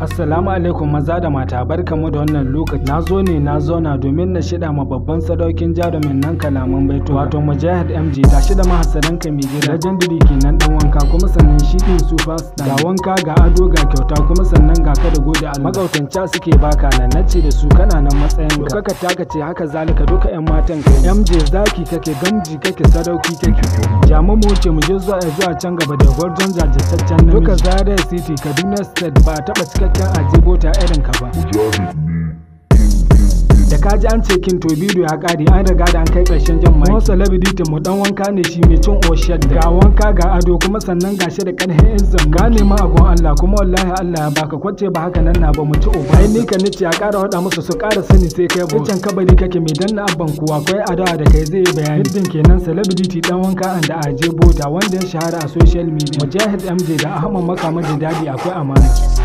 Assalamu alaikum maza da mata barkamu da wannan lokaci na zo ne na zauna domin na shida ma babban sadaukin jarumin nan kalaman baito wato mujahid mg ga shida ka mai gida legendary kenan dan wanka kuma sannan shi ne super star. ga wanka ga ado ga kyauta kuma sannan ka da gode Allah magautanta suke baka nan nace da su kana nan matsayin ka kaka taka ce haka zalika duka yan matan ka MJ zaki kake gamji kake sadauki kake jama'a mu ce mu je zuwa eh, zuwa can gaba da gwarjon jajjataccen namiji duka Zaria City Kaduna State ba taba cikakken ajibota irin ka ba kaji an ce kin to bidiyo ya kare an riga da an kai karshen jan mai wasu celebrity mu dan wanka ne shi mai cin oshad ga wanka ga ado kuma sannan shi da karhin izzan ga neman agon Allah kuma wallahi Allah ya baka kwace ba haka nan na ba mu ci uba ai ni ka nace ya kara wada musu su kara sani sai kai bu can kabari kake mai danna abban kuwa kai adawa da kai zai bayani hiddin kenan celebrity dan wanka inda aje bota wanda ya shahara a social media mujahid mj da ahmad makamaji dadi akwai amana